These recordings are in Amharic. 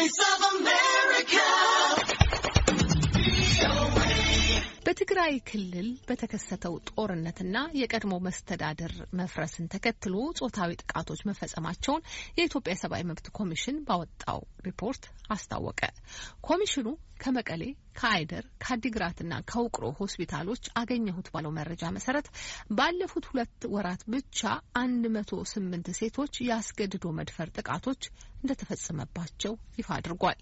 Voice of በትግራይ ክልል በተከሰተው ጦርነትና የቀድሞ መስተዳደር መፍረስን ተከትሎ ጾታዊ ጥቃቶች መፈጸማቸውን የኢትዮጵያ ሰብአዊ መብት ኮሚሽን ባወጣው ሪፖርት አስታወቀ። ኮሚሽኑ ከመቀሌ፣ ከአይደር፣ ከአዲግራትና ከውቅሮ ሆስፒታሎች አገኘሁት ባለው መረጃ መሰረት ባለፉት ሁለት ወራት ብቻ አንድ መቶ ስምንት ሴቶች ያስገድዶ መድፈር ጥቃቶች እንደተፈጸመባቸው ይፋ አድርጓል።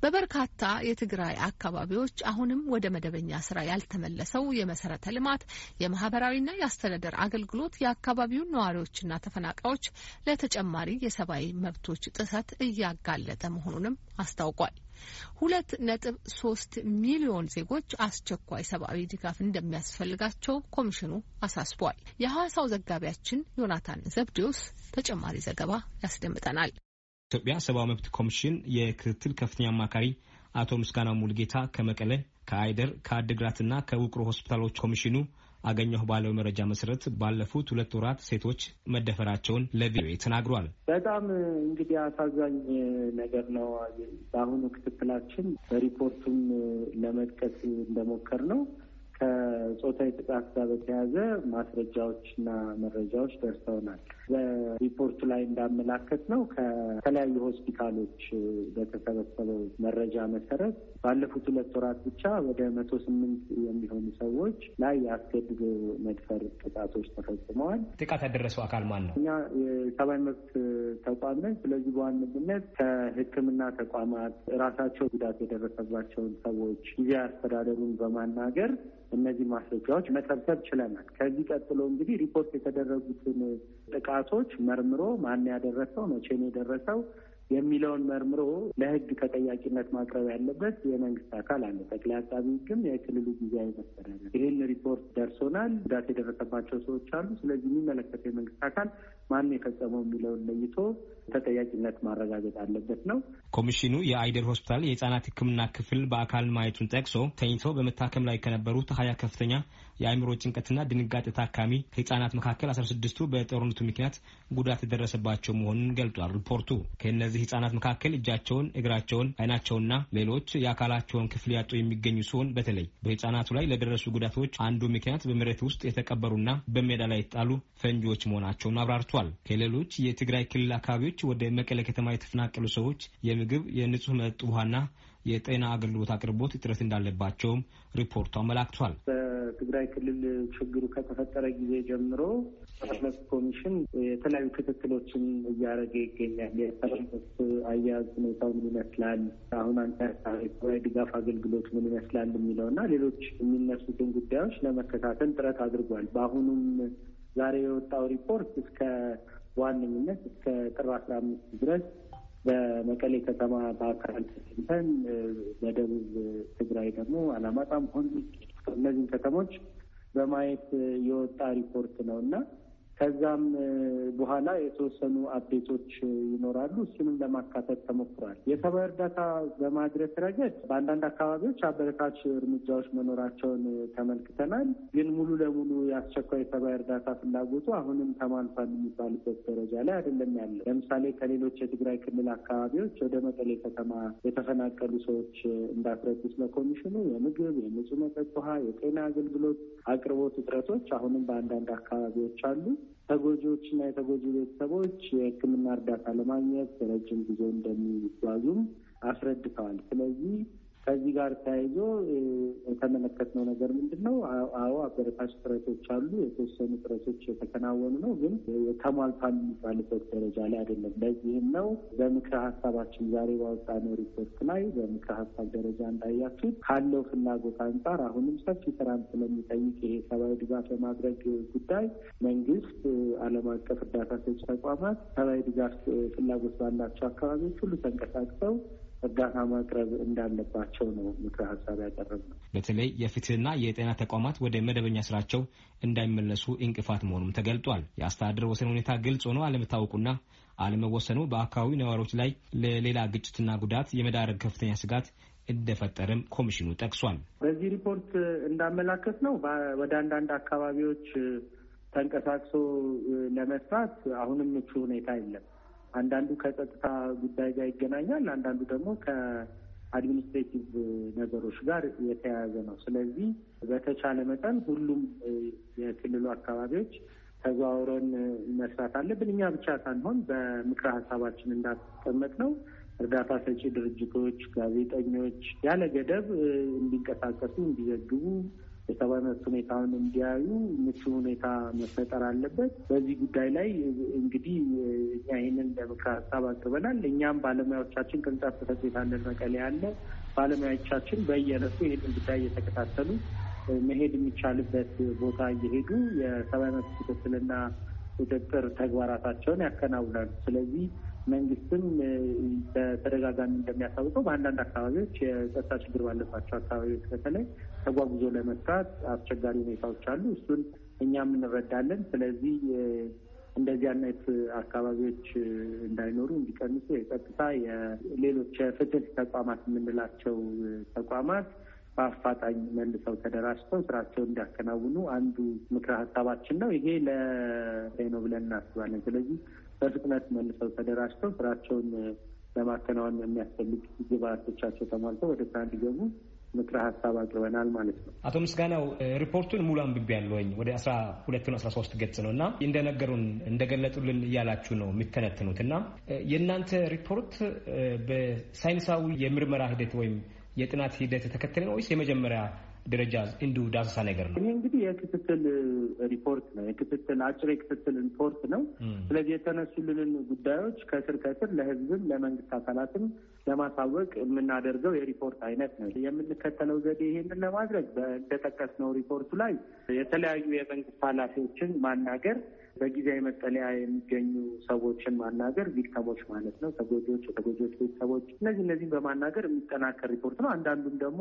በበርካታ የትግራይ አካባቢዎች አሁንም ወደ መደበኛ ስራ ያልተመለሰው የመሰረተ ልማት፣ የማህበራዊና የአስተዳደር አገልግሎት የአካባቢውን ነዋሪዎችና ተፈናቃዮች ለተጨማሪ የሰብአዊ መብቶች ጥሰት እያጋለጠ መሆኑንም አስታውቋል። ሁለት ነጥብ ሶስት ሚሊዮን ዜጎች አስቸኳይ ሰብአዊ ድጋፍ እንደሚያስፈልጋቸው ኮሚሽኑ አሳስቧል። የሐዋሳው ዘጋቢያችን ዮናታን ዘብዲዮስ ተጨማሪ ዘገባ ያስደምጠናል። ኢትዮጵያ ሰብአዊ መብት ኮሚሽን የክትትል ከፍተኛ አማካሪ አቶ ምስጋናው ሙልጌታ ከመቀለ ከአይደር ከአድግራትና ከውቅሮ ሆስፒታሎች ኮሚሽኑ አገኘሁ ባለው መረጃ መሰረት ባለፉት ሁለት ወራት ሴቶች መደፈራቸውን ለቪኦኤ ተናግሯል። በጣም እንግዲህ አሳዛኝ ነገር ነው። በአሁኑ ክትትላችን በሪፖርቱም ለመጥቀስ እንደሞከር ነው ከጾታዊ ጥቃት ጋር በተያያዘ ማስረጃዎችና መረጃዎች ደርሰውናል። ሪፖርቱ ላይ እንዳመላከት ነው ከተለያዩ ሆስፒታሎች በተሰበሰበው መረጃ መሰረት ባለፉት ሁለት ወራት ብቻ ወደ መቶ ስምንት የሚሆኑ ሰዎች ላይ የአስገድዶ መድፈር ጥቃቶች ተፈጽመዋል። ጥቃት ያደረሰው አካል ማን ነው? እኛ የሰብአዊ መብት ተቋም ነን። ስለዚህ በዋነኝነት ከሕክምና ተቋማት ራሳቸው ጉዳት የደረሰባቸውን ሰዎች ጊዜ አስተዳደሩን በማናገር እነዚህ ማስረጃዎች መሰብሰብ ችለናል። ከዚህ ቀጥሎ እንግዲህ ሪፖርት የተደረጉትን ጥቃቶች መርምሮ ማን ያደረሰው፣ መቼ ነው የደረሰው የሚለውን መርምሮ ለህግ ተጠያቂነት ማቅረብ ያለበት የመንግስት አካል አለ። ጠቅላይ አቃቢ ህግም የክልሉ ጊዜያዊ መስተዳደር ይህን ሪፖርት ደርሶናል፣ ጉዳት የደረሰባቸው ሰዎች አሉ። ስለዚህ የሚመለከተው የመንግስት አካል ማን የፈጸመው የሚለውን ለይቶ ተጠያቂነት ማረጋገጥ አለበት ነው። ኮሚሽኑ የአይደር ሆስፒታል የህጻናት ህክምና ክፍል በአካል ማየቱን ጠቅሶ ተኝተው በመታከም ላይ ከነበሩት ሀያ ከፍተኛ የአእምሮ ጭንቀትና ድንጋጤ ታካሚ ከህጻናት መካከል 16ቱ በጦርነቱ ምክንያት ጉዳት የደረሰባቸው መሆኑን ገልጧል ሪፖርቱ። ከእነዚህ ህጻናት መካከል እጃቸውን፣ እግራቸውን፣ አይናቸውና ሌሎች የአካላቸውን ክፍል ያጡ የሚገኙ ሲሆን በተለይ በህጻናቱ ላይ ለደረሱ ጉዳቶች አንዱ ምክንያት በመሬት ውስጥ የተቀበሩና በሜዳ ላይ የተጣሉ ፈንጂዎች መሆናቸውን አብራርቷል። ከሌሎች የትግራይ ክልል አካባቢዎች ወደ መቀለ ከተማ የተፈናቀሉ ሰዎች የምግብ የንጹህ መጠጥ ውሃና የጤና አገልግሎት አቅርቦት እጥረት እንዳለባቸውም ሪፖርቱ አመላክቷል። በትግራይ ክልል ችግሩ ከተፈጠረ ጊዜ ጀምሮ ህብረት ኮሚሽን የተለያዩ ክትትሎችን እያደረገ ይገኛል። የሰላምስ አያያዝ ሁኔታው ምን ይመስላል፣ አሁን አንተ ድጋፍ አገልግሎት ምን ይመስላል የሚለው እና ሌሎች የሚነሱትን ጉዳዮች ለመከታተል ጥረት አድርጓል። በአሁኑም ዛሬ የወጣው ሪፖርት እስከ ዋነኝነት እስከ ጥር አስራ አምስት ድረስ በመቀሌ ከተማ በአካል ተገኝተን በደቡብ ትግራይ ደግሞ አላማጣም ሆን እነዚህን ከተሞች በማየት የወጣ ሪፖርት ነው እና ከዛም በኋላ የተወሰኑ አፕዴቶች ይኖራሉ። እሱንም ለማካተት ተሞክሯል። የሰብአዊ እርዳታ በማድረስ ረገድ በአንዳንድ አካባቢዎች አበረታች እርምጃዎች መኖራቸውን ተመልክተናል። ግን ሙሉ ለሙሉ የአስቸኳይ የሰብአዊ እርዳታ ፍላጎቱ አሁንም ተሟልቷል የሚባልበት ደረጃ ላይ አይደለም ያለው። ለምሳሌ ከሌሎች የትግራይ ክልል አካባቢዎች ወደ መቀሌ ከተማ የተፈናቀሉ ሰዎች እንዳስረዱት ለኮሚሽኑ የምግብ፣ የንጹህ መጠጥ ውሃ፣ የጤና አገልግሎት አቅርቦት እጥረቶች አሁንም በአንዳንድ አካባቢዎች አሉ። ተጎጂዎችና የተጎጂ ቤተሰቦች የሕክምና እርዳታ ለማግኘት ረጅም ጊዜ እንደሚጓዙም አስረድተዋል። ስለዚህ ከዚህ ጋር ተያይዞ የተመለከትነው ነገር ምንድን ነው? አዎ አበረታች ጥረቶች አሉ። የተወሰኑ ጥረቶች የተከናወኑ ነው፣ ግን ተሟልቷል የሚባልበት ደረጃ ላይ አይደለም። ለዚህም ነው በምክረ ሀሳባችን ዛሬ ባወጣነው ሪፖርት ላይ በምክረ ሀሳብ ደረጃ እንዳያችሁት ካለው ፍላጎት አንጻር አሁንም ሰፊ ስራን ስለሚጠይቅ ይሄ ሰብአዊ ድጋፍ ለማድረግ ጉዳይ መንግስት፣ ዓለም አቀፍ እርዳታ ሰጪ ተቋማት ሰብአዊ ድጋፍ ፍላጎት ባላቸው አካባቢዎች ሁሉ ተንቀሳቅሰው እርዳታ ማቅረብ እንዳለባቸው ነው ምክረ ሀሳብ ያቀረብ ነው። በተለይ የፍትህና የጤና ተቋማት ወደ መደበኛ ስራቸው እንዳይመለሱ እንቅፋት መሆኑም ተገልጧል። የአስተዳደር ወሰን ሁኔታ ግልጽ ሆኖ አለመታወቁና አለመወሰኑ በአካባቢው ነዋሪዎች ላይ ለሌላ ግጭትና ጉዳት የመዳረግ ከፍተኛ ስጋት እንደፈጠረም ኮሚሽኑ ጠቅሷል። በዚህ ሪፖርት እንዳመላከት ነው ወደ አንዳንድ አካባቢዎች ተንቀሳቅሶ ለመስራት አሁንም ምቹ ሁኔታ የለም። አንዳንዱ ከጸጥታ ጉዳይ ጋር ይገናኛል፣ አንዳንዱ ደግሞ ከአድሚኒስትሬቲቭ ነገሮች ጋር የተያያዘ ነው። ስለዚህ በተቻለ መጠን ሁሉም የክልሉ አካባቢዎች ተዘዋውረን መስራት አለብን። እኛ ብቻ ሳንሆን በምክረ ሀሳባችን እንዳስቀመጥ ነው እርዳታ ሰጪ ድርጅቶች፣ ጋዜጠኞች ያለ ገደብ እንዲንቀሳቀሱ፣ እንዲዘግቡ የሰብአዊ መብት ሁኔታውን እንዲያዩ ምቹ ሁኔታ መፈጠር አለበት። በዚህ ጉዳይ ላይ እንግዲህ እኛ ይህንን ለምክር ሀሳብ አቅርበናል። እኛም ባለሙያዎቻችን ቅርንጫፍ ጽሕፈት ቤት አለን፣ መቀሌ ያለ ባለሙያዎቻችን በየዕለቱ ይህንን ጉዳይ እየተከታተሉ መሄድ የሚቻልበት ቦታ እየሄዱ የሰብአዊ መብት ክትትልና ቁጥጥር ተግባራታቸውን ያከናውናሉ። ስለዚህ መንግስትም በተደጋጋሚ እንደሚያሳውቀው በአንዳንድ አካባቢዎች የጸጥታ ችግር ባለባቸው አካባቢዎች በተለይ ተጓጉዞ ለመስራት አስቸጋሪ ሁኔታዎች አሉ። እሱን እኛም እንረዳለን። ስለዚህ እንደዚህ አይነት አካባቢዎች እንዳይኖሩ እንዲቀንሱ የጸጥታ የሌሎች የፍትህ ተቋማት የምንላቸው ተቋማት በአፋጣኝ መልሰው ተደራጅተው ስራቸውን እንዲያከናውኑ አንዱ ምክረ ሀሳባችን ነው። ይሄ ለኖ ብለን እናስባለን። ስለዚህ በፍጥነት መልሰው ተደራጅተው ስራቸውን ለማከናወን የሚያስፈልግ ግብአቶቻቸው ተሟልተው ወደ ስራ እንዲገቡ ምክረ ሀሳብ አቅርበናል ማለት ነው። አቶ ምስጋናው ሪፖርቱን ሙሉ አንብቤ ያለሁኝ ወደ አስራ ሁለቱን አስራ ሶስት ገጽ ነው እና እንደነገሩን እንደገለጡልን እያላችሁ ነው የሚተነትኑት እና የእናንተ ሪፖርት በሳይንሳዊ የምርመራ ሂደት ወይም የጥናት ሂደት የተከተለ ነው ወይስ የመጀመሪያ ደረጃ እንዲሁ ዳሰሳ ነገር ነው። ይህ እንግዲህ የክትትል ሪፖርት ነው፣ የክትትል አጭር የክትትል ሪፖርት ነው። ስለዚህ የተነሱልንን ጉዳዮች ከስር ከስር ለህዝብም ለመንግስት አካላትም ለማሳወቅ የምናደርገው የሪፖርት አይነት ነው። የምንከተለው ዘዴ ይህንን ለማድረግ እንደጠቀስነው ሪፖርቱ ላይ የተለያዩ የመንግስት ኃላፊዎችን ማናገር በጊዜያዊ መጠለያ የሚገኙ ሰዎችን ማናገር፣ ቪክተሞች ማለት ነው፣ ተጎጆች፣ የተጎጆች ቤተሰቦች፣ እነዚህ እነዚህም በማናገር የሚጠናከር ሪፖርት ነው። አንዳንዱም ደግሞ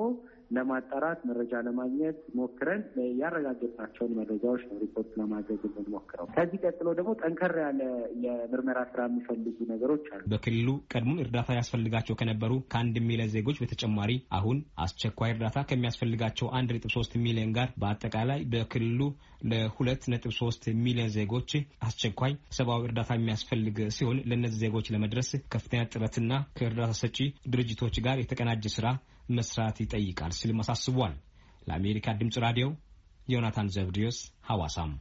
ለማጣራት መረጃ ለማግኘት ሞክረን ያረጋገጥናቸውን መረጃዎች ነው ሪፖርት ለማድረግ የምንሞክረው። ከዚህ ቀጥሎ ደግሞ ጠንከር ያለ የምርመራ ስራ የሚፈልጉ ነገሮች አሉ። በክልሉ ቀድሞም እርዳታ ያስፈልጋቸው ከነበሩ ከአንድ ሚሊዮን ዜጎች በተጨማሪ አሁን አስቸኳይ እርዳታ ከሚያስፈልጋቸው አንድ ነጥብ ሶስት ሚሊዮን ጋር በአጠቃላይ በክልሉ ለሁለት ነጥብ ሶስት ሚሊዮን ዜጎች አስቸኳይ ሰብአዊ እርዳታ የሚያስፈልግ ሲሆን ለእነዚህ ዜጎች ለመድረስ ከፍተኛ ጥረትና ከእርዳታ ሰጪ ድርጅቶች ጋር የተቀናጀ ስራ መስራት ይጠይቃል ሲልም አሳስቧል። ለአሜሪካ ድምፅ ራዲዮ ዮናታን ዘብዲዮስ ሐዋሳም